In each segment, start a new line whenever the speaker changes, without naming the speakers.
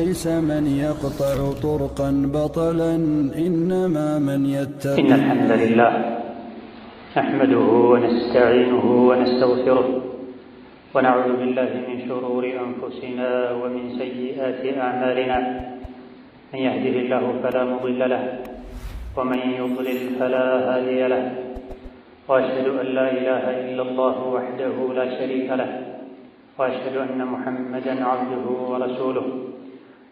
ليس من يقطع طرقا بطلا إنما من يتقي إن
الحمد لله نحمده ونستعينه ونستغفره ونعوذ بالله من شرور أنفسنا ومن سيئات أعمالنا من يهده الله فلا مضل له ومن يضلل فلا هادي له وأشهد أن لا إله إلا الله وحده لا شريك له وأشهد أن محمدا عبده ورسوله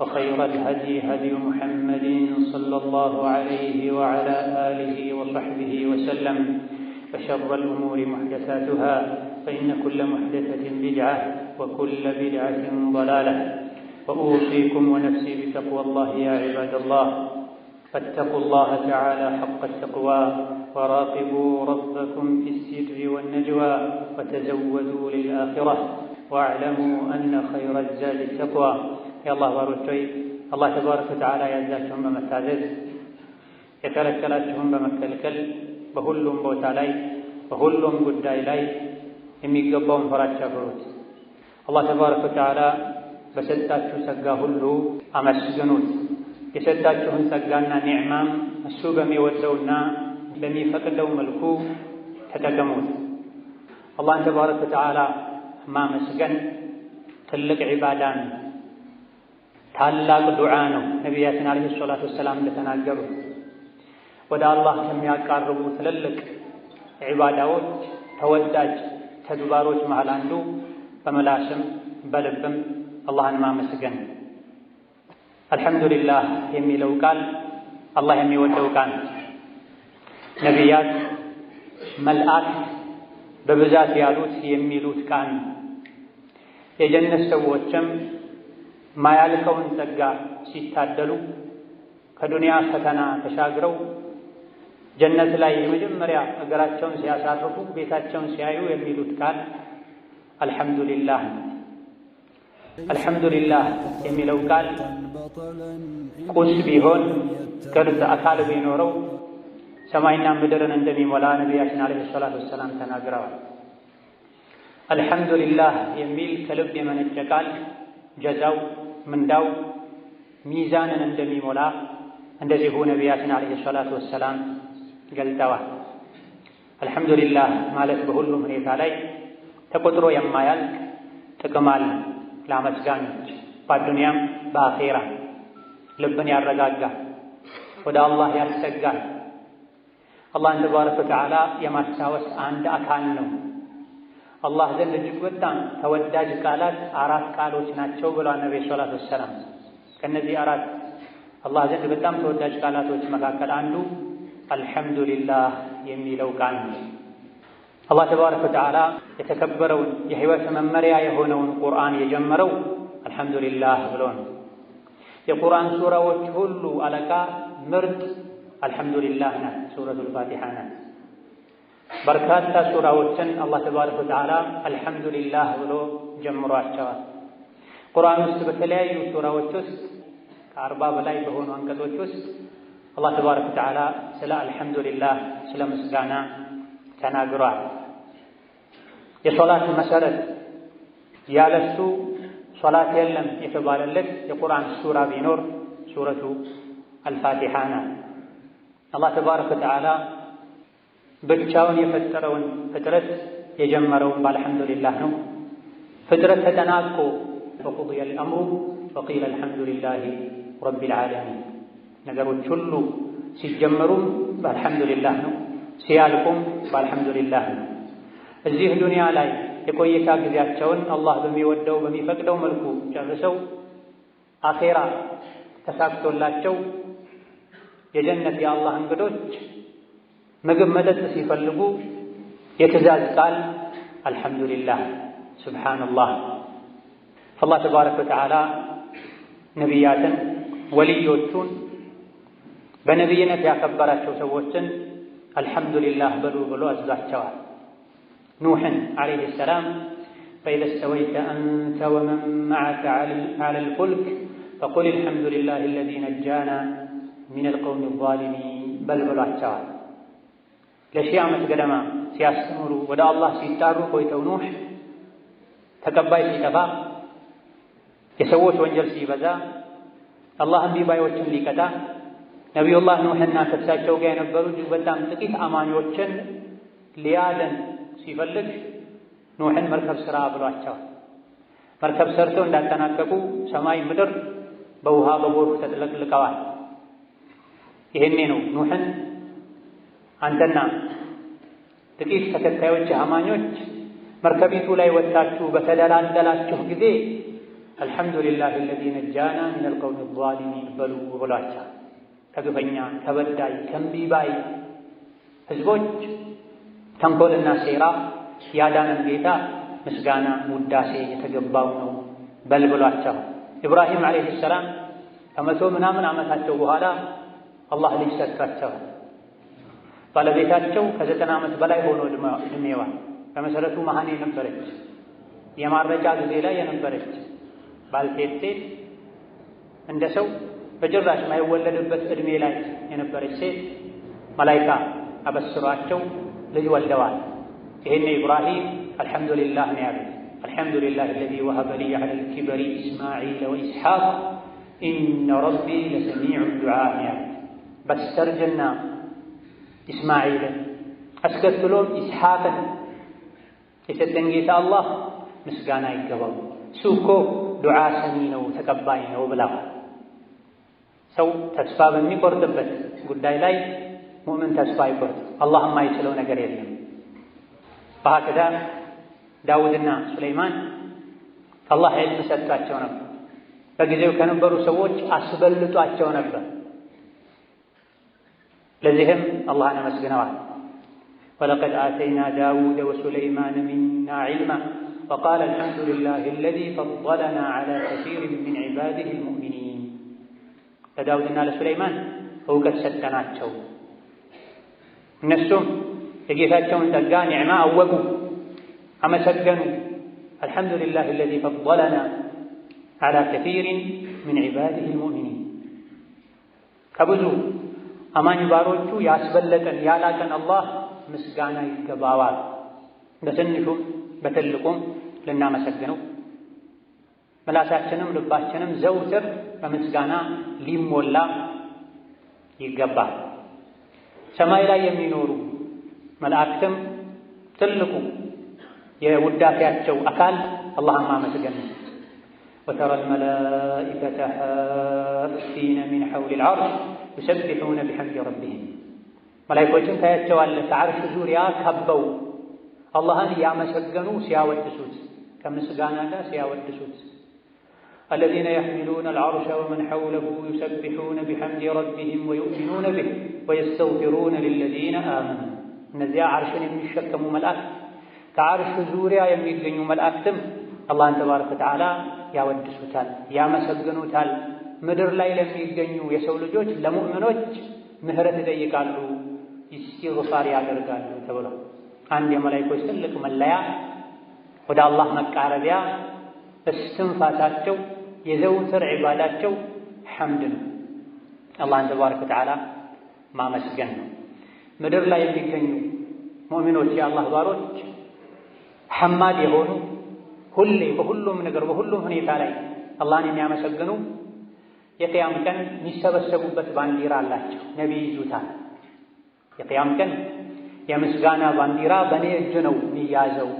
وخير الهدي هدي محمد صلى الله عليه وعلى آله وصحبه وسلم وشر الأمور محدثاتها فإن كل محدثة بدعة وكل بدعة ضلالة وأوصيكم ونفسي بتقوى الله يا عباد الله فاتقوا الله تعالى حق التقوى وراقبوا ربكم في السر والنجوى وتزودوا للآخرة واعلموا أن خير الزاد التقوى የአላህ ባሮች ሆይ አላህ ተባረከ ወተዓላ ያዛችሁን በመታዘዝ የከለከላችሁን በመከልከል በሁሉም ቦታ ላይ በሁሉም ጉዳይ ላይ የሚገባውን ፍራቻ ፍሩት። አላህ ተባረከ ወተዓላ በሰጣችሁ ጸጋ ሁሉ አመስግኑት። የሰጣችሁን ጸጋና ኒዕማም እሱ በሚወደውና በሚፈቅደው መልኩ ተጠቀሙት። አላህን ተባረከ ወተዓላ ማመስገን ትልቅ ዒባዳ ነው። ታላቅ ዱዓ ነው። ነቢያችን አለይሂ ሰላቱ ወሰላም እንደተናገሩ ወደ አላህ ከሚያቃርቡ ትልልቅ ዒባዳዎች ተወዳጅ ተግባሮች መሃል አንዱ በመላስም በልብም አላህን ማመስገን። አልሐምዱሊላህ የሚለው ቃል አላህ የሚወደው ቃል ነቢያት መልአክ በብዛት ያሉት የሚሉት ቃል የጀነት ሰዎችም ማያልቀውን ጸጋ ሲታደሉ ከዱንያ ፈተና ተሻግረው ጀነት ላይ የመጀመሪያ እግራቸውን ሲያሳርፉ ቤታቸውን ሲያዩ የሚሉት ቃል አልሐምዱሊላህ። አልሐምዱሊላህ የሚለው ቃል ቁስ ቢሆን ቅርጽ አካል ቢኖረው ሰማይና ምድርን እንደሚሞላ ነቢያችን ዓለይሂ ሰላቱ ወሰላም ተናግረዋል። አልሐምዱሊላህ የሚል ከልብ የመነጨ ቃል ጀዛው ምንዳው ሚዛንን እንደሚሞላ እንደዚሁ ነቢያችን ዓለይሂ ሰላቱ ወሰላም ገልጠዋል። አልሐምዱሊላህ ማለት በሁሉም ሁኔታ ላይ ተቆጥሮ የማያልቅ ጥቅም አለ ለአመስጋኞች በአዱንያም በአኼራ ልብን ያረጋጋል፣ ወደ አላህ ያሰጋል። አላህን ተባረከ ወተዓላ የማስታወስ አንድ አካል ነው። አላህ ዘንድ እጅግ በጣም ተወዳጅ ቃላት አራት ቃሎች ናቸው ብለዋል ነቢ ሰላት ወሰላም። ከእነዚህ አራት አላህ ዘንድ በጣም ተወዳጅ ቃላቶች መካከል አንዱ አልሐምዱሊላህ የሚለው ቃል ነው። አላህ ተባረከ ወተዓላ የተከበረውን የሕይወት መመሪያ የሆነውን ቁርአን የጀመረው አልሐምዱሊላህ ብሎ ነው። የቁርአን ሱራዎች ሁሉ አለቃ ምርጥ አልሐምዱሊላህ ናት፣ ሱረቱል ፋቲሓ ናት። በርካታ ሱራዎችን አላህ ተባረከ ወተዓላ አልሐምዱሊላህ ብሎ ጀምሯቸዋል። ቁርአን ውስጥ በተለያዩ ሱራዎች ውስጥ ከአርባ በላይ በሆኑ አንቀጾች ውስጥ አላህ ተባረከ ወተዓላ ስለ አልሐምዱሊላህ ስለ ምስጋና ተናግሯል። የሶላት መሰረት ያለሱ ሶላት የለም የተባለለት የቁርአን ሱራ ቢኖር ሱረቱ አልፋቲሃ ናት። አላህ ተባረከ ወተዓላ ብቻውን የፈጠረውን ፍጥረት የጀመረውም በአልሐምዱሊላህ ነው። ፍጥረት ተጠናቆ ፈቁድየ አልአምሩ ወቂለ አልሐምዱሊላሂ ረቢል ዓለሚን። ነገሮች ሁሉ ሲጀመሩም በአልሐምዱሊላህ ነው፣ ሲያልቁም በአልሐምዱሊላህ ነው። እዚህ ዱንያ ላይ የቆይታ ጊዜያቸውን አላህ በሚወደው በሚፈቅደው መልኩ ጨርሰው አኼራ ተሳክቶላቸው የጀነት የአላህ እንግዶች ምግብ መጠጥ ሲፈልጉ የትእዛዝ ቃል አልሐምዱሊላህ፣ ሱብሓነላህ። አላህ ተባረከ ወተዓላ ነቢያትን ወልዮቹን በነቢይነት ያከበራቸው ሰዎችን አልሐምዱሊላህ በሉ ብሎ አዛቸዋል። ኑሕን ዓለይሂ ሰላም ፈኢዛ እስተወይተ አንተ ወመን መዓከ ዐላ ልፉልክ ፈቁል አልሐምዱሊላህ አለዚ ነጃና ሚነል ቀውሚ ዛሊሚን በል ብሏቸዋል። ለሺህ ዓመት ገደማ ሲያስተምሩ ወደ አላህ ሲጣሩ ቆይተው ኑሕ ተቀባይ ሲጠፋ የሰዎች ወንጀል ሲበዛ አላህ ቢባዮችን ባዮችን ሊቀጣ ነቢዩላህ ኑህና ከሳቸው ጋር የነበሩ እጅግ በጣም ጥቂት አማኞችን ሊያደን ሲፈልግ ኑሕን መርከብ ሥራ ብሏቸዋል። መርከብ ሰርተው እንዳጠናቀቁ ሰማይ ምድር በውሃ በጎርፍ ተጥለቅልቀዋል። ይሄኔ ነው ኑህን። አንተና ጥቂት ተከታዮች አማኞች መርከቢቱ ላይ ወጥታችሁ በተደላደላችሁ ጊዜ አልሐምዱሊላህ አለዚ ነጃና ሚነል ቀውሚ ዛሊሚን በሉ ብሏቸዋል። ከግፈኛ ከበዳይ ከእምቢባይ ህዝቦች ተንኮልና ሴራ ያዳነን ጌታ ምስጋና ውዳሴ የተገባው ነው በል ብሏቸዋል። ኢብራሂም ዓለይሂ ሰላም ከመቶ ምናምን ዓመታቸው በኋላ አላህ ልጅ ሰጥቷቸዋል። ባለቤታቸው ከዘጠና ዓመት በላይ ሆኖ እድሜዋ በመሰረቱ መሀኔ ነበረች። የማረጃ ጊዜ ላይ የነበረች ባልቴት ሴት እንደ ሰው በጭራሽ የማይወለድበት እድሜ ላይ የነበረች ሴት መላይካ አበስሯቸው ልጅ ወልደዋል። ይሄን ኢብራሂም አልሐምዱሊላህ ነው ያሉት። አልሐምዱሊላህ አለዚ ወሀበ ሊ ዐለል ኪበሪ ኢስማዒለ ወኢስሐቅ ኢነ ረቢ ለሰሚዑ ዱዓ ነው ያሉት። በስተርጅና ኢስማዒልን አስከትሎም ኢስሐቅን የሰጠን ጌታ አላህ ምስጋና ይገባው። እሱ እኮ ዱዓ ሰሚ ነው ተቀባይ ነው ብላ ሰው ተስፋ በሚቆርጥበት ጉዳይ ላይ ሙእምን ተስፋ አይቆርጥ። አላህ የማይችለው ነገር የለም። በሀከዳ ዳውድና ሱለይማን አላህ ዕልም ሰጥቷቸው ነበር። በጊዜው ከነበሩ ሰዎች አስበልጧቸው ነበር። ለዚህም الله أنا مسكنا ولقد آتينا داود وسليمان منا علما وقال الحمد لله الذي فضلنا على كثير من عباده المؤمنين فداود نال سليمان هو قد ستناتشو نسوم يجيثاتشو من تلقان عما أوقو أما سجنوا الحمد لله الذي فضلنا على كثير من عباده المؤمنين كبزوا አማኝ ባሮቹ ያስበለጠን ያላቀን አላህ ምስጋና ይገባዋል። በትንሹም በትልቁም ልናመሰግነው ምላሳችንም ልባችንም ዘውትር በምስጋና ሊሞላ ይገባል። ሰማይ ላይ የሚኖሩ መላእክትም ትልቁ የውዳሴያቸው አካል አላህን ማመስገን ነው። ወተረል መላኢከተ ሓፊነ ሚን ሐውሊል ዐርሽ يسبحون بحمد ربهم ملائكوتين تاتوا على تعرش زوريا كبوا الله ان يامسجنوا سياو الدسوت كم سجانا لا سياو الدسوت الذين يحملون العرش ومن حوله يسبحون بحمد ربهم ويؤمنون به ويستغفرون للذين امنوا نزيع عرش يمشكم ملاك تعرش زوريا يمشكم ملاك تم الله تبارك وتعالى ياو الدسوتال يامسجنوا تال, يا مسجنو تال ምድር ላይ ለሚገኙ የሰው ልጆች ለሙእምኖች ምህረት ይጠይቃሉ፣ ኢስቲግፋር ያደርጋሉ ተብሏል። አንድ የመላይኮች ትልቅ መለያ ወደ አላህ መቃረቢያ እስትንፋሳቸው የዘውትር ዒባዳቸው ሐምድ ነው። አላህን ተባረከ ወተዓላ ማመስገን ነው። ምድር ላይ የሚገኙ ሙእሚኖች የአላህ ባሮች ሐማድ የሆኑ ሁሌ በሁሉም ነገር በሁሉም ሁኔታ ላይ አላህን የሚያመሰግኑ የቅያም ቀን የሚሰበሰቡበት ባንዲራ አላቸው። ነቢይ ይዙታል። የቅያም ቀን የምስጋና ባንዲራ በእኔ እጅ ነው የሚያዘው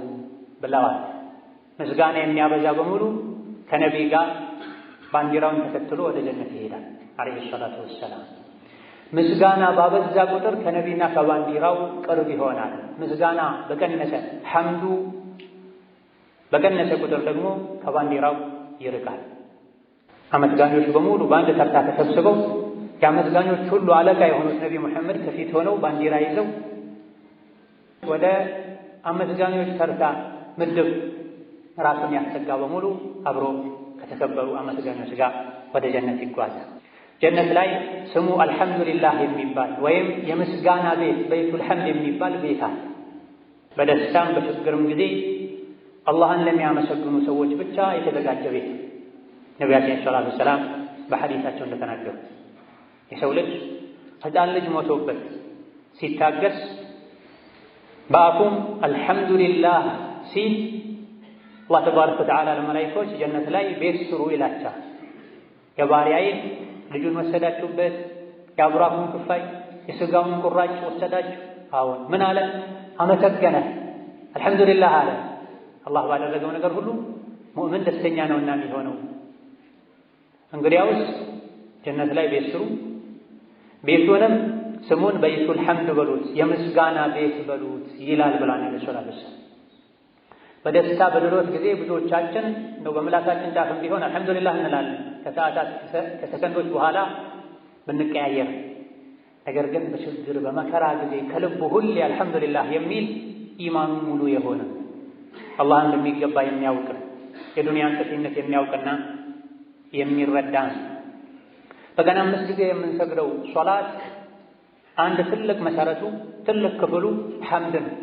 ብለዋል። ምስጋና የሚያበዛ በሙሉ ከነቢይ ጋር ባንዲራውን ተከትሎ ወደ ጀነት ይሄዳል። አለይሂ ሰላቱ ወሰላም። ምስጋና ባበዛ ቁጥር ከነቢና ከባንዲራው ቅርብ ይሆናል። ምስጋና በቀነሰ ሐምዱ በቀነሰ ቁጥር ደግሞ ከባንዲራው ይርቃል። አመዝጋኞች በሙሉ በአንድ ተርታ ተሰብስበው የአመዝጋኞች ሁሉ አለቃ የሆኑት ነቢ ሙሐመድ ከፊት ሆነው ባንዲራ ይዘው ወደ አመዝጋኞች ተርታ ምድብ ራሱን ያሰጋ በሙሉ አብሮ ከተከበሩ አመስጋኞች ጋር ወደ ጀነት ይጓዛል። ጀነት ላይ ስሙ አልሐምዱሊላህ የሚባል ወይም የምስጋና ቤት በይቱል ሐምድ የሚባል ቤት አለ። በደስታም በችግርም ጊዜ አላህን ለሚያመሰግኑ ሰዎች ብቻ የተዘጋጀ ቤት ነው። ነቢያችን ሰላቱ ሰላም በሐዲታቸው እንደተናገሩ የሰው ልጅ ሕፃን ልጅ ሞቶበት ሲታገስ በአፉም አልሐምዱሊላህ ሲል አላህ ተባረከ ወተዓላ ለመላኢኮች ጀነት ላይ ቤት ስሩ ይላቸዋል። የባሪያዬን ልጁን ወሰዳችሁበት፣ የአብራኩን ክፋይ የስጋውን ቁራጭ ወሰዳችሁ። አሁን ምን አለ? አመሰገነ፣ አልሐምዱሊላህ አለ። አላህ ባደረገው ነገር ሁሉ ሙእምን ደስተኛ ነውና የሚሆነው እንግዲያውስ ጀነት ላይ ቤት ስሩ፣ ቤቱንም ስሙን በይቱል ሐምድ በሉት የምስጋና ቤት በሉት ይላል ብላ ነብዩ ሰለላሁ በደስታ በድሎት ጊዜ ብዙዎቻችን እንደው በምላሳችን ጫፍም ቢሆን አልሐምዱሊላህ እንላለን ከሰዓታት ከሰከንዶች በኋላ ብንቀያየር። ነገር ግን በችግር በመከራ ጊዜ ከልቡ ሁሌ አልሐምዱሊላህ የሚል ኢማኑ ሙሉ የሆነ አላህን በሚገባ የሚያውቅ የዱንያን ጥቂነት የሚያውቅና የሚረዳ ነው። በቀን አምስት ጊዜ የምንሰግደው ሶላት አንድ ትልቅ መሰረቱ ትልቅ ክፍሉ ሐምድ ነው።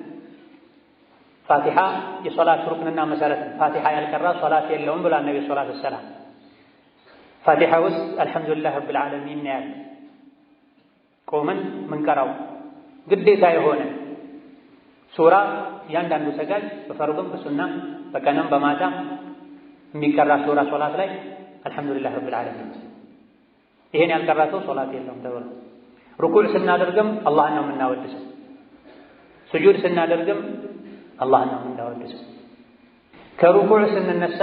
ፋቲሃ የሶላት ሩክንና መሰረት ነው። ፋቲሓ ያልቀራ ሶላት የለውም ብሏል ነቢ ሶላት ወሰላም። ፋቲሓ ውስጥ አልሐምዱሊላህ ረብል ዓለሚን ያለ ቆመን ምንቀራው ግዴታ የሆነ ሱራ እያንዳንዱ ሰጋጅ በፈርዱም በሱና በቀንም በማታ የሚቀራ ሱራ ሶላት ላይ አልሐምዱሊላህ ረብል ዓለሚን። ይሄን ያልቀራተው ሶላት የለውም ተብሎ ሩኩዕ ስናደርግም አላህን ነው የምናወድሰው። ስጁድ ስናደርግም አላህን ነው የምናወድሰው። ከሩኩዕ ስንነሳ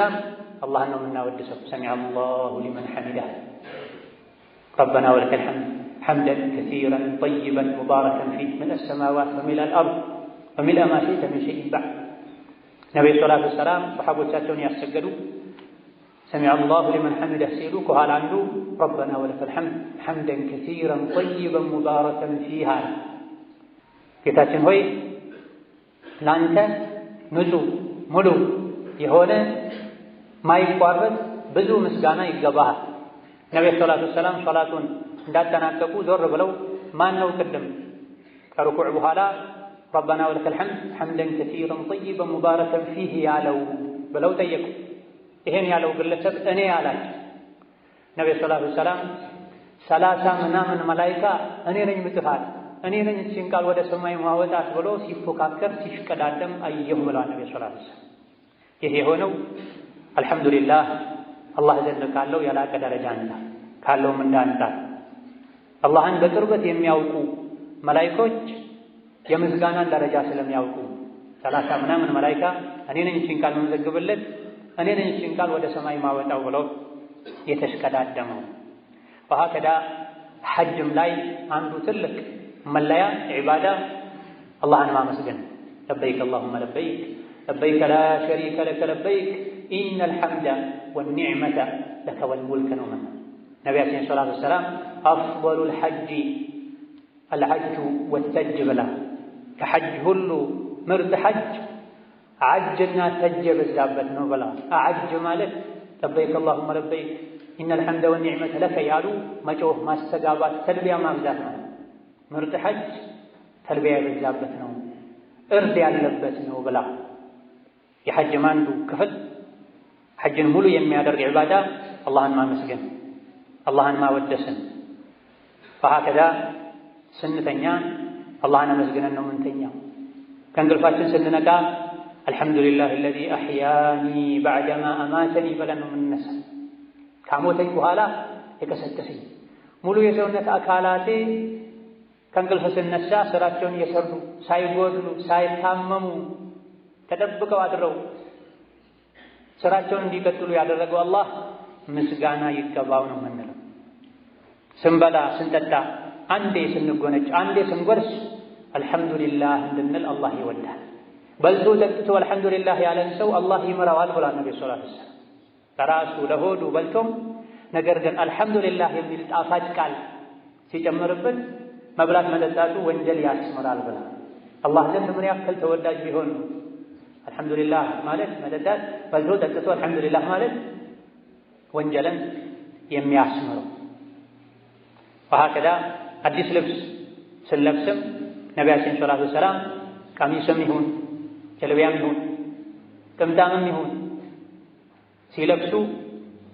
አላህን ነው የምናወድሰው። ሰሚዐ አላሁ ሊመን ሐሚዳህ ረበና ወለከል ሐምድ ሐምደን ከሲረን ጠይበን ሙባረከን ፊህ ሚነ ሰማዋት ወሚነል አርድ ወሚነ ማ ሺዕተ ሚን ሸይኢን በዕድ ነቢዩ ሰላቱ ወሰላም ሰሓቦቻቸውን ያሰገዱ سمع الله لمن حمد سيلوك على عنده ربنا ولك الحمد حمدا كثيرا طيبا مباركا فيها كتاتين هوي لانتا نزو ملو يهونا ما يقارب بزو مسجانا يقضبها نبي صلى الله عليه وسلم صلاة داتنا كبو زر بلو ما نو كدم كركوع بهالا ربنا ولك الحمد حمدا كثيرا طيبا مباركا فيه يا لو بلو تيكو ይሄን ያለው ግለሰብ እኔ አላቸው። ነቢ ሰላቱ ሰላም ሰላሳ ምናምን መላይካ እኔ ነኝ ምጽፋት እኔ ነኝ እቺን ቃል ወደ ሰማይ ማወጣት ብሎ ሲፎካከር ሲሽቀዳደም አየሁ ብለዋል ነቢ ሰላቱ ሰላም። ይህ የሆነው አልሐምዱሊላህ አላህ ዘንድ ካለው የላቀ ደረጃ እንዳ ካለውም እንዳንጣል አላህን በቅርበት የሚያውቁ መላይኮች የምስጋናን ደረጃ ስለሚያውቁ ሰላሳ ምናምን መላይካ እኔ ነኝ እችን ቃል እኔ ነኝ እችን ቃል ወደ ሰማይ ማወጣው ብለው የተሽቀዳደመው። ወሀከዳ ሐጅም ላይ አንዱ ትልቅ መለያ ዒባዳ አላህን ማመስገን ለበይክ አላሁመ ለበይክ ለበይከ ላ ሸሪከ ለከ ለበይክ ኢነል ሐምደ ወኒዕመተ ለከ ወልሙልክ ነው መና ነቢያችን ሰላቱ ወሰላም አፍበሉል ሐጂ አልሐጁ ወተጅ ብላ ከሐጅ ሁሉ ምርጥ ሐጅ አጅና ተጅ የበዛበት ነው ብላ አጅ ማለት ለበይክ አላሁመ ለበይክ ኢነል ሐምደ ወኒዕመተ ለከ ያሉ መጮህ፣ ማስተጋባት፣ ተልቢያ ማብዛት ነው። ምርጥ ሐጅ ተልቢያ የበዛበት ነው፣ እርድ ያለበት ነው ብላ የሐጅም አንዱ ክፍል ሐጅን ሙሉ የሚያደርግ ዒባዳ አላህን ማመስገን አላህን ማወደስን ፈሀከዳ ስንተኛ አላህን አመስግነን ነው ምንተኛው። ከእንቅልፋችን ስንነቃ አልሐምዱሊላህ አለዚ አሕያኒ ባዕደማ አማተኒ ብለን ነው የምንነሳ። ካሞተኝ በኋላ የቀሰቀሰኝ ሙሉ የሰውነት አካላቴ ከእንቅልፍ ስነሳ ስራቸውን እየሰሩ ሳይጎድሉ ሳይታመሙ ተጠብቀው አድረው ስራቸውን እንዲቀጥሉ ያደረገው አላህ ምስጋና ይገባው ነው የምንለው። ስንበላ ስንጠጣ፣ አንዴ ስንጎነጭ፣ አንዴ ስንጎርስ አልሐምዱሊላህ እንድንል አላህ ይወዳል። በልቶ ጠጥቶ አልሐምዱሊላህ ያለን ሰው አላህ ይምረዋል ብሏል ነቢ ሰላቱ ሰላም። ለራሱ ለሆዱ በልቶም ነገር ግን አልሐምዱሊላህ የሚል ጣፋጭ ቃል ሲጨምርበት መብላት መጠጣቱ ወንጀል ያስምራል ብሏል። አላህ ዘንድ ምን ያክል ተወዳጅ ቢሆን ነው አልሐምዱሊላህ ማለት መጠጣት፣ በልቶ ጠጥቶ አልሐምዱሊላህ ማለት ወንጀልን የሚያስምረው ወሀከዛ አዲስ ልብስ ስንለብስም ነቢያችን ሰላቱ ሰላም ቀሚስም ይሁን ጀለቢያም ይሁን ጥምጣምም ይሁን ሲለብሱ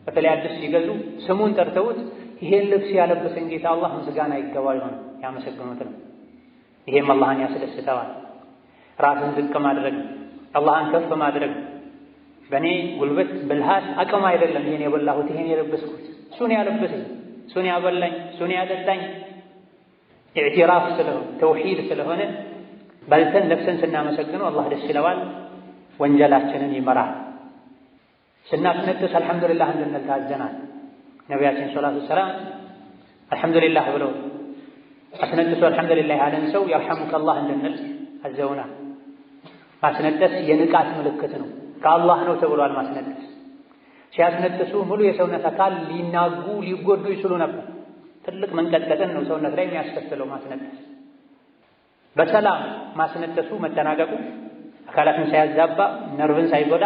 በተለይ አዲስ ሲገዙ ስሙን ጠርተውት ይሄን ልብስ ያለበሰን ጌታ አላህ ምስጋና ይገባው ይሆን ያመሰግኑት ነው። ይሄም አላህን ያስደስተዋል። ራስን ዝቅ ማድረግ፣ አላህን ከፍ ማድረግ በእኔ ጉልበት፣ ብልሃት፣ አቅም አይደለም። ይሄን የበላሁት ይሄን የለበስኩት እሱን ያለበሰኝ እሱን ያበላኝ እሱን ያጠጣኝ ኢዕቲራፍ ስለሆነ ተውሂድ ስለሆነ በልተን ለብሰን ስናመሰግነው አላህ ደስ ይለዋል፣ ወንጀላችንን ይመራል። ስናስነጥስ አልሐምዱሊላህ እንድንል ታዘናል። ነቢያችን ሰላቱ ሰላም አልሐምዱሊላህ ብለው አስነጥሱ አልሐምዱሊላህ ያለን ሰው የርሐሙከላህ እንድንል አዘውናል። ማስነጠስ የንቃት ምልክት ነው። ከአላህ ነው ተብሏል። ማስነጠስ ሲያስነጥሱ ሙሉ የሰውነት አካል ሊናጉ ሊጎዱ ይችሉ ነበር። ትልቅ መንቀጥቀጥን ነው ሰውነት ላይ የሚያስከትለው ማስነጠስ በሰላም ማስነጠሱ መጠናቀቁ አካላትን ሳያዛባ ነርቭን ሳይጎዳ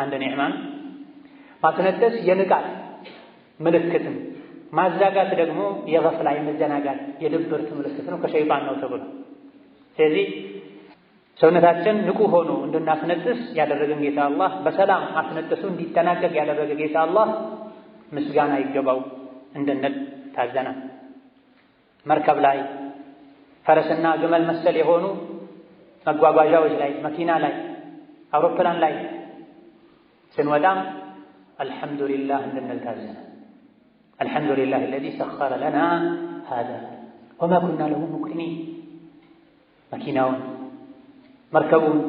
አንድ ኒዕማ ነው። ማስነጠስ የንቃት ነው ማዛጋት ደግሞ የገፍላ የመዘናጋት የድብርት ምልክት ነው፣ ከሸይጣን ነው ተብሎ ስለዚህ ሰውነታችን ንቁ ሆኖ እንድናስነጥስ ያደረገን ጌታ አላህ በሰላም አስነጥሱ እንዲጠናቀቅ ያደረገ ጌታ አላህ ምስጋና ይገባው እንድንል ታዘናል። መርከብ ላይ ፈረስና ግመል መሰል የሆኑ መጓጓዣዎች ላይ፣ መኪና ላይ፣ አውሮፕላን ላይ ስንወጣም አልሐምዱሊላህ እንድንል ታዘነ። አልሐምዱሊላህ አለዚ ሰኸረ ለና ሃዛ ወማ ኩና ለሁ ሙቅሪኒን። መኪናውን፣ መርከቡን፣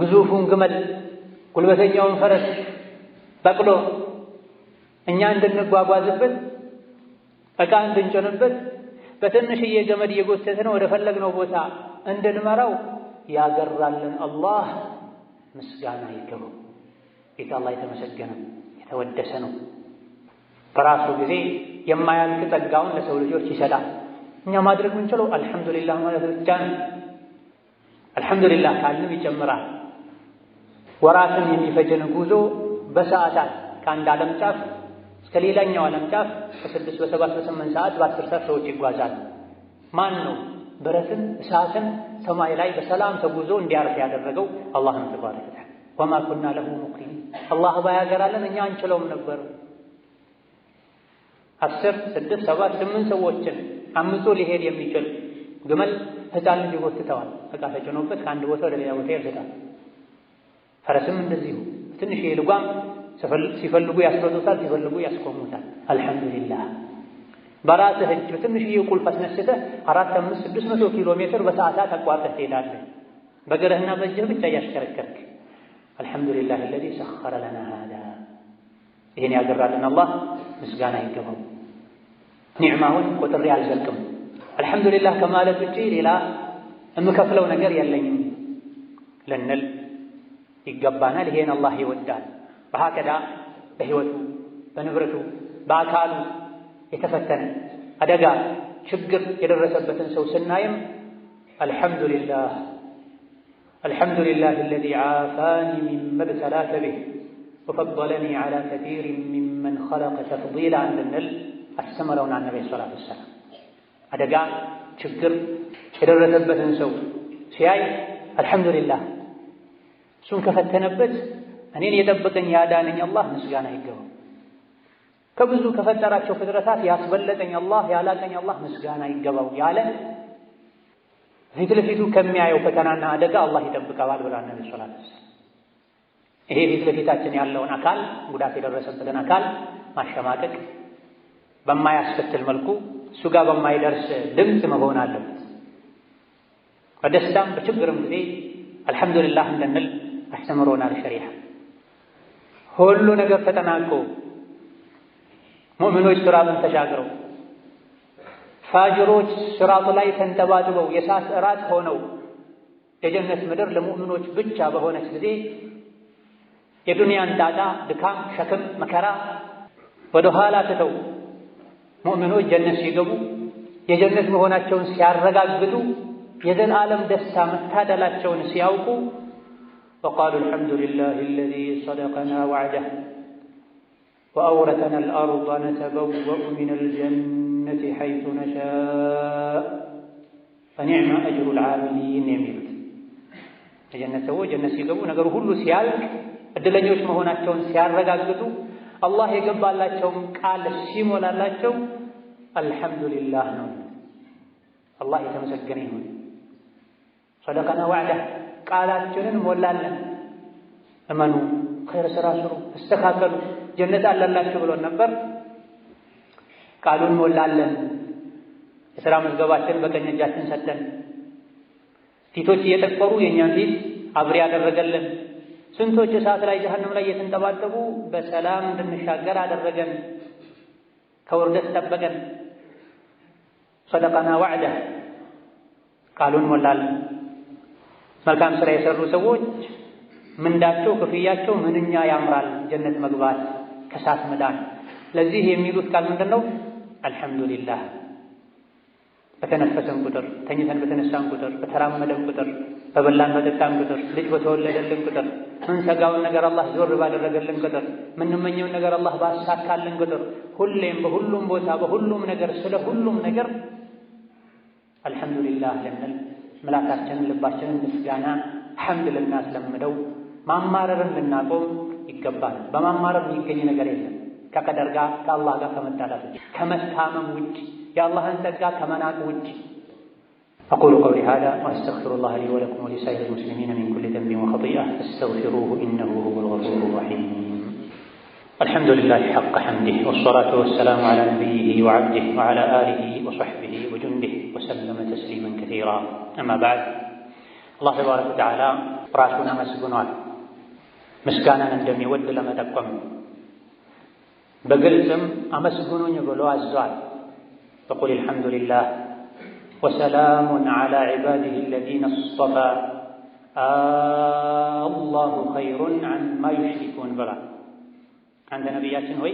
ግዙፉን ግመል፣ ጉልበተኛውን ፈረስ፣ በቅሎ እኛ እንድንጓጓዝበት፣ ዕቃ እንድንጭንበት በትንሽዬ ገመድ እየጎተትን ወደ ፈለግነው ቦታ እንድንመራው ያገራልን አላህ ምስጋና ይገባው። ጌታ አላህ የተመሰገነ የተወደሰ ነው። በራሱ ጊዜ የማያልቅ ጸጋውን ለሰው ልጆች ይሰጣል። እኛ ማድረግ ምንችለው አልሐምዱሊላህ ማለት ብቻ ነው። አልሐምዱሊላህ ካልንም ይጨምራል። ወራትን የሚፈጅን ጉዞ በሰዓታት ከአንድ ዓለም ጫፍ ከሌላኛው ዓለም ጫፍ በስድስት በሰባት በስምንት ሰዓት በአስር ሰዓት ሰዎች ይጓዛል። ማን ነው ብረትን እሳትን ሰማይ ላይ በሰላም ተጉዞ እንዲያርፍ ያደረገው? አላህ ነው ተባረከ ወማ ኩና ለሁ ሙቅሪን አላህ ባያገራለን እኛ አንችለውም ነበር። አስር ስድስት ሰባት ስምንት ሰዎችን አምጦ ሊሄድ የሚችል ግመል ህፃን ልጅ ይጎትተዋል። እቃ ተጭኖበት ከአንድ ቦታ ወደ ሌላ ቦታ ይርዳል። ፈረስም እንደዚሁ ትንሽ የልጓም ሲፈልጉ ያስፈቱታል፣ ሲፈልጉ ያስቆሙታል። አልሐምዱሊላህ በራስህ እጅ በትንሽዬ ቁልፍ አስነስተህ አራት አምስት ስድስት መቶ ኪሎ ሜትር በሰዓታት አቋርጠህ ትሄዳለህ በእግርህና በእጅህ ብቻ እያሽከረከርክ። አልሐምዱሊላህ አለዚ ሰኸረ ለና ሃዳ ይህን ያገራልን አላህ ምስጋና ይገባው። ኒዕማውን ቆጥሬ አልዘልቅም። አልሐምዱሊላህ ከማለት ውጪ ሌላ የምከፍለው ነገር የለኝም ልንል ይገባናል። ይሄን አላህ ይወዳል። فهكذا بهوته بنبرته باكاله يتفتن ادقى شقر يدرس سو سنايم الحمد لله الحمد لله الذي عافاني مما ابتلاك به وفضلني على كثير ممن خلق تفضيلا عند النل استمرون عن النبي صلى الله عليه وسلم ادقى شقر يدرس سو سياي الحمد لله شنو كفتنبت እኔን የጠበቀኝ ያዳነኝ አላህ ምስጋና አይገባው። ከብዙ ከፈጠራቸው ፍጥረታት ያስበለጠኝ አላህ ያላቀኝ አላህ ምስጋና ይገባው ያለ ፊት ለፊቱ ከሚያየው ፈተናና አደጋ አላህ ይጠብቀዋል ብላ ነቢ ሰለላሁ ዐለይሂ ወሰለም። ይሄ ፊት ለፊታችን ያለውን አካል ጉዳት የደረሰበትን አካል ማሸማቀቅ በማያስከትል መልኩ እሱ ጋር በማይደርስ ድምፅ መሆን አለበት። በደስታም በችግርም ጊዜ አልሐምዱሊላህ እንደንል አስተምሮናል ሸሪዓ። ሁሉ ነገር ተጠናቆ ሙእሚኖች ስራቱን ተሻግረው ፋጅሮች ስራቱ ላይ ተንጠባጥበው የእሳት እራት ሆነው የጀነት ምድር ለሙእሚኖች ብቻ በሆነች ጊዜ የዱንያን ጣጣ፣ ድካም፣ ሸክም፣ መከራ ወደ ኋላ ትተው ሙእሚኖች ጀነት ሲገቡ የጀነት መሆናቸውን ሲያረጋግጡ የዘላለም ደስታ መታደላቸውን ሲያውቁ فقالوا الحمد لله الذي صدقنا وعده وأورثنا الأرض نتبوأ من الجنة حيث نشاء فنعم أجر العاملين يميت نعم. جنة وجنة سيقبو نقر هلو سيالك እድለኞች መሆናቸውን ሲያረጋግጡ አላህ የገባላቸውን ቃል الحمد لله نون الله نعم. يتمسك ይሁን። صدقنا وعده ቃላችንን ሞላለን። እመኑ፣ ኸይር ስራ ስሩ፣ እስተካከሉ፣ ጀነት አላላችሁ ብሎን ነበር። ቃሉን ሞላለን። የሥራ መዝገባችን በቀኝ እጃችን ሰጠን። ፊቶች እየጠቆሩ የእኛን ፊት አብሬ ያደረገልን። ስንቶች እሳት ላይ ጀሀነም ላይ እየተንጠባጠቡ በሰላም እንድንሻገር አደረገን። ከውርደት ጠበቀን። ሰደቀና ዋዕዳ ቃሉን ሞላለን። መልካም ስራ የሰሩ ሰዎች ምንዳቸው፣ ክፍያቸው ምንኛ ያምራል። ጀነት መግባት፣ ከሳት መዳን። ለዚህ የሚሉት ቃል ምንድን ነው? አልሐምዱሊላህ። በተነፈሰን ቁጥር፣ ተኝተን በተነሳን ቁጥር፣ በተራመደን ቁጥር፣ በበላን በጠጣን ቁጥር፣ ልጅ በተወለደልን ቁጥር፣ ምንሰጋውን ነገር አላህ ዞር ባደረገልን ቁጥር፣ ምንመኘውን ነገር አላህ ባሳካልን ቁጥር፣ ሁሌም በሁሉም ቦታ በሁሉም ነገር ስለ ሁሉም ነገር አልሐምዱሊላህ ልንል ምላሳችንን ልባችንን ምስጋና ሐምድ ልናስለምደው ማማረርን ልናቆም ይገባል። በማማረር የሚገኝ ነገር የለም ከቀደር ጋር ከአላህ ጋር ከመጣላት ውጭ ከመታመም ውጭ የአላህን ጸጋ ከመናቅ ውጭ። أقول قولي هذا وأستغفر الله لي ولكم ولسائر المسلمين من كل ذنب وخطيئة فاستغفروه إنه هو الغفور الرحيم الحمد لله حق حمده والصلاة والسلام على نبيه وعبده وعلى آله وصحبه وجنده وسلم تسليما كثيرا أما بعد الله تبارك وتعالى راشونا مسكونات مسكانا عندما يود لما تقوم بقلتم أمسكونون يقولوا أزال فقل الحمد لله وسلام على عباده الذين اصطفى آه، الله خير عن ما يشركون بلا عند نبيات هوي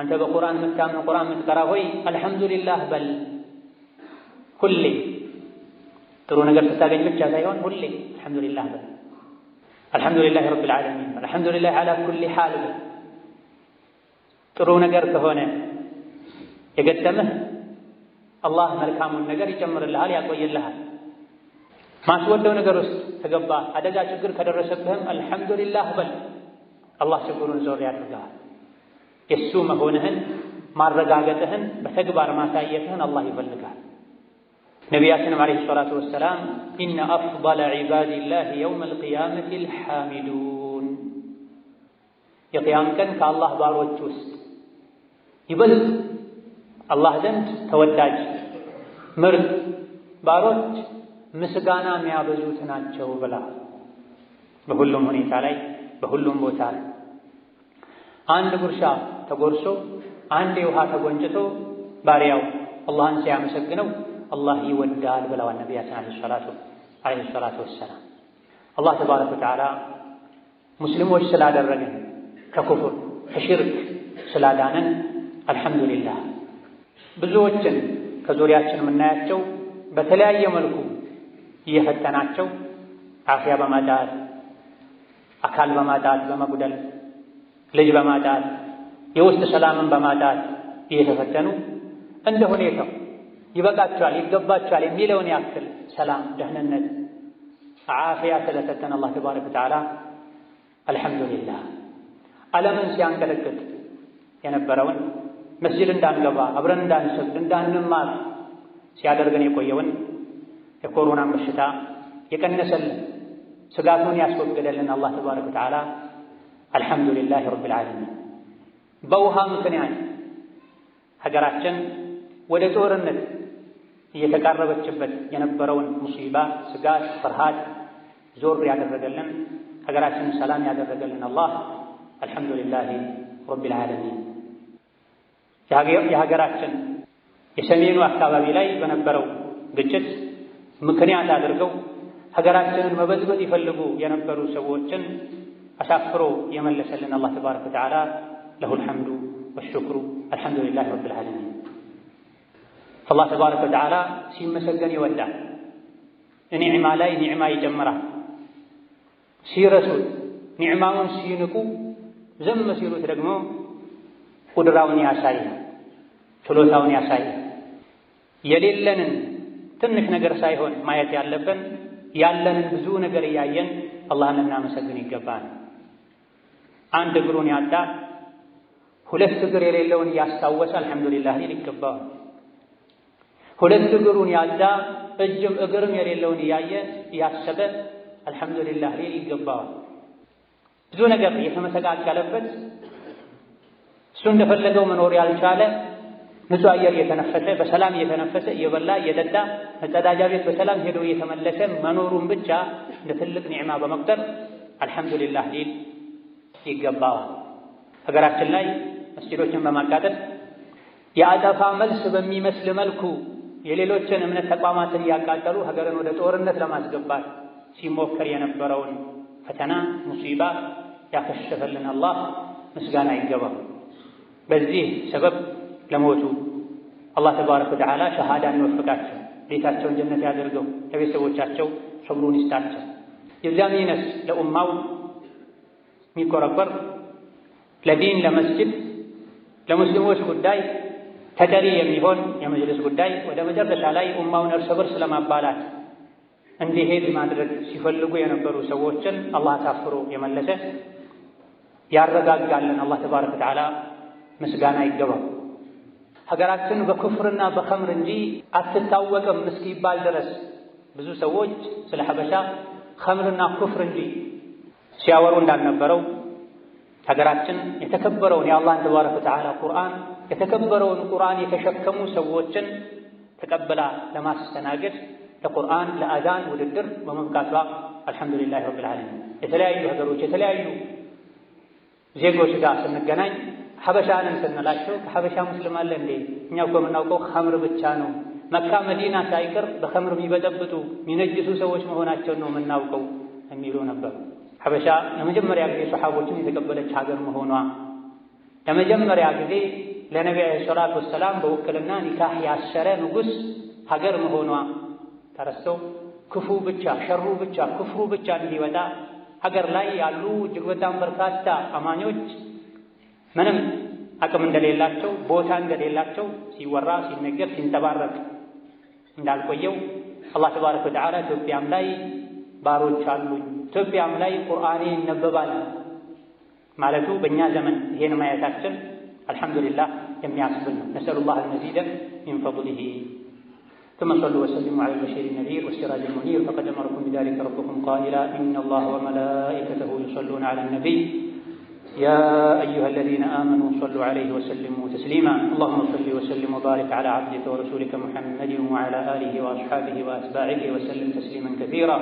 أنت بقرآن مكتام القرآن متقرأ هوي الحمد لله بل كلي ጥሩ ነገር ስታገኝ ብቻ ሳይሆን ሁሌ አልሐምዱሊላህ በል አልሐምዱሊላህ ረብል ዓለሚን አልሐምዱሊላህ ዓላ ኩሊ ሓል በል ጥሩ ነገር ከሆነ የገጠመህ አላህ መልካሙን ነገር ይጨምርልሃል፣ ያቆይልሃል። ማስወደው ነገር ውስጥ ተገባ አደጋ ችግር ከደረሰብህም አልሐምዱሊላህ በል። አላህ ችግሩን ዞር ያድርግሃል። የእሱ መሆንህን ማረጋገጥህን በተግባር ማሳየትህን አላህ ይፈልጋል። ነቢያችንም ዓለይሂ ሰላቱ ወሰላም ኢነ አፍደለ ዒባዲላህ የውመል ቂያመቲ ልሓሚዱን የቅያም ቀን ከአላህ ባሮች ውስጥ ይበልጥ አላህ ዘንድ ተወዳጅ ምርጥ ባሮች ምስጋና የሚያበዙት ናቸው ብላ በሁሉም ሁኔታ ላይ በሁሉም ቦታ ላይ አንድ ጉርሻ ተጎርሶ አንድ የውሃ ተጎንጭቶ ባሪያው አላህን ሲያመሰግነው አላህ ይወዳል ብለዋል ነቢያችን ዓለይሂ ሰላቱ ወሰላም። አላህ ተባረከ ወተዓላ ሙስሊሞች ስላደረገን ከኩፍር ከሽርክ ስላዳነን አልሐምዱሊላህ። ብዙዎችን ከዙሪያችን የምናያቸው በተለያየ መልኩ እየፈተናቸው አፍያ በማጣት አካል በማጣት በመጉደል ልጅ በማጣት የውስጥ ሰላምን በማጣት እየተፈተኑ እንደ ሁኔታው ይበቃቸዋል፣ ይገባቸዋል የሚለውን ያክል ሰላም፣ ደህንነት፣ አፍያ ስለሰጠን አላህ ተባረከ ወተዓላ አልሐምዱሊላህ። ዓለምን ሲያንቀጠቅጥ የነበረውን መስጅድ እንዳንገባ አብረን እንዳንሰግድ እንዳንማር ሲያደርገን የቆየውን የኮሮናን በሽታ የቀነሰልን ስጋቱን ያስወገደልን አላህ ተባረከ ወተዓላ አልሐምዱሊላህ ረቢል ዓለሚን። በውሃ ምክንያት ሀገራችን ወደ ጦርነት እየተቃረበችበት የነበረውን ሙሲባ፣ ስጋት፣ ፍርሃት ዞር ያደረገልን ሀገራችንን ሰላም ያደረገልን አላህ አልሐምዱሊላህ ረቢል ዓለሚን። የሀገራችን የሰሜኑ አካባቢ ላይ በነበረው ግጭት ምክንያት አድርገው ሀገራችንን መበዝበዝ ይፈልጉ የነበሩ ሰዎችን አሳፍሮ የመለሰልን አላህ ተባረከ ወተዓላ ለሁል ሐምዱ ወሽክሩ አልሐምዱሊላህ ረቢል ዓለሚን። አላህ ተባረከ ወተዓላ ሲመሰገን ይወዳል። ኒዕማ ላይ ኒዕማ ይጨምራል። ሲረሱት ኒዕማውን ሲንቁ፣ ዝም ሲሉት ደግሞ ቁድራውን ያሳይ ችሎታውን ያሳይ። የሌለንን ትንሽ ነገር ሳይሆን ማየት ያለብን ያለንን ብዙ ነገር እያየን አላህን እናመሰግን ይገባል። አንድ እግሩን ያጣ ሁለት እግር የሌለውን እያስታወሰ አልሐምዱሊላህ ሊል ይገባዋል። ሁለት እግሩን ያጣ እጅም እግርም የሌለውን እያየ እያሰበ አልሐምዱሊላህ ሊል ይገባዋል። ብዙ ነገር የተመሰቃቀለበት እሱ እንደፈለገው መኖር ያልቻለ ንጹህ አየር እየተነፈሰ በሰላም እየተነፈሰ እየበላ እየጠጣ መጸዳጃ ቤት በሰላም ሄዶ እየተመለሰ መኖሩን ብቻ እንደ ትልቅ ኒዕማ በመቁጠር አልሐምዱሊላህ ሊል ይገባዋል። ሀገራችን ላይ መስጂዶችን በማቃጠል የአጠፋ መልስ በሚመስል መልኩ የሌሎችን እምነት ተቋማትን እያቃጠሉ ሀገርን ወደ ጦርነት ለማስገባት ሲሞከር የነበረውን ፈተና ሙሲባ ያከሸፈልን አላህ ምስጋና ይገባው። በዚህ ሰበብ ለሞቱ አላህ ተባረከ ወተዓላ ሸሃዳን ይወፍቃቸው፣ ቤታቸውን ጀነት ያደርገው፣ ለቤተሰቦቻቸው ሰብሩን ይስጣቸው። የዚያም ይነስ ለኡማው የሚቆረቆር ለዲን ለመስጅድ ለሙስሊሞች ጉዳይ ተጠሪ የሚሆን የመጅልስ ጉዳይ ወደ መጨረሻ ላይ ኡማውን እርስ በርስ ለማባላት እንዲሄድ ማድረግ ሲፈልጉ የነበሩ ሰዎችን አላህ አሳፍሮ የመለሰ ያረጋጋለን አላህ ተባረከ ወተዓላ ምስጋና ይገባው። ሀገራችን በኩፍርና በኸምር እንጂ አትታወቅም እስኪባል ድረስ ብዙ ሰዎች ስለ ሀበሻ ኸምርና ኩፍር እንጂ ሲያወሩ እንዳልነበረው ሀገራችን የተከበረውን የአላህን ተባረከ ወተዓላ ቁርአን የተከበረውን ቁርአን የተሸከሙ ሰዎችን ተቀብላ ለማስተናገድ ለቁርአን ለአዛን ውድድር በመብቃቷ አልሐምዱሊላህ ረብል ዓለሚን። የተለያዩ ሀገሮች የተለያዩ ዜጎች ጋር ስንገናኝ ሀበሻንን ስንላቸው ከሀበሻ ሙስሊም አለ እንዴ? እኛ እኮ የምናውቀው ኸምር ብቻ ነው። መካ መዲና ሳይቀር በኸምር የሚበጠብጡ የሚነጅሱ ሰዎች መሆናቸውን ነው የምናውቀው የሚሉ ነበር። ሐበሻ ለመጀመሪያ ጊዜ ሰሓቦችን የተቀበለች ሀገር መሆኗ ለመጀመሪያ ጊዜ ለነቢ ዓለይሂ ሰላቱ ወሰላም በውክልና ኒካህ ያሰረ ንጉሥ ሀገር መሆኗ ተረስተው ክፉ ብቻ ሸሩ ብቻ ክፍሩ ብቻ እንዲወጣ ሀገር ላይ ያሉ እጅግ በጣም በርካታ አማኞች ምንም አቅም እንደሌላቸው ቦታ እንደሌላቸው ሲወራ ሲነገር ሲንጠባረቅ እንዳልቆየው አላህ ተባረከ ወተዓላ ኢትዮጵያም ላይ ባሮች አሉኝ ኢትዮጵያም ላይ ቁርአኔ ይነበባል ማለቱ በእኛ ዘመን ይሄን ማየታችን አልሐምዱሊላህ የሚያስብል ነው። ነስአሉላህ አልመዚደ ሚን ፈድሊሂ ثم صلوا وسلموا على البشير النذير والسراج المنير فقد امركم بذلك ربكم قائلا ان الله وملائكته يصلون على النبي يا أيها الذين آمنوا صلوا عليه وسلموا تسليما اللهم صل وسلم وبارك على عبدك ورسولك محمد وعلى آله وأصحابه وأتباعه وسلم تسليما كثيرا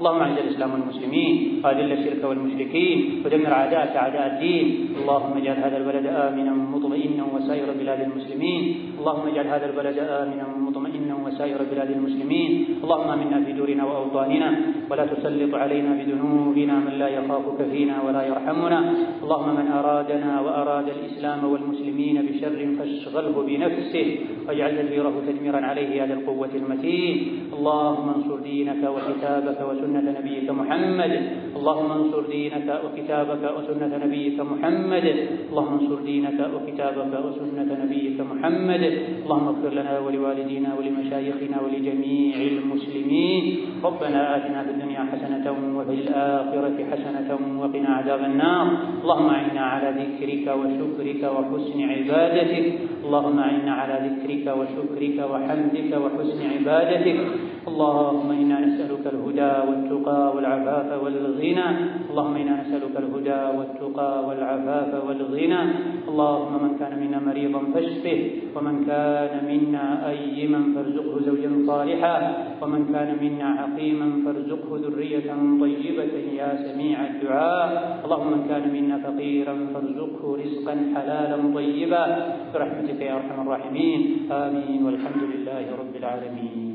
اللهم أعز الإسلام والمسلمين وأذل الشرك والمشركين ودمر أعداءك أعداء الدين اللهم اجعل هذا البلد آمنا مطمئنا وسائر بلاد المسلمين اللهم اجعل هذا البلد آمنا مطمئنا وسائر بلاد المسلمين اللهم منا في دورنا واوطاننا ولا تسلط علينا بذنوبنا من لا يخافك فينا ولا يرحمنا اللهم من ارادنا واراد الاسلام والمسلمين بشر فاشغله بنفسه واجعل تدبيره تدميرا عليه على القوه المتين اللهم انصر دينك وكتابك وسنه نبيك محمد اللهم انصر دينك وكتابك وسنه نبيك محمد اللهم انصر دينك وكتابك وسنه نبيك محمد اللهم اغفر لنا ولوالدينا ولمشايخنا لمشايخنا ولجميع المسلمين ربنا آتنا في الدنيا حسنة وفي الآخرة حسنة وقنا عذاب النار اللهم أعنا على ذكرك وشكرك وحسن عبادتك اللهم إنا على ذكرك وشكرك وحمدك وحسن عبادتك اللهم إنا نسألك الهدى والتقى والعفاف والغنى اللهم إنا نسألك الهدى والتقى والعفاف والغنى اللهم من كان منا مريضا فاشفه ومن كان منا أيما فارزقه زوجا صالحا ومن كان منا عقيما فارزقه ذرية طيبة يا سميع الدعاء اللهم من كان منا فقيرا فارزقه رزقا حلالا طيبا برحمتك برحمتك يا أرحم الراحمين آمين والحمد لله رب العالمين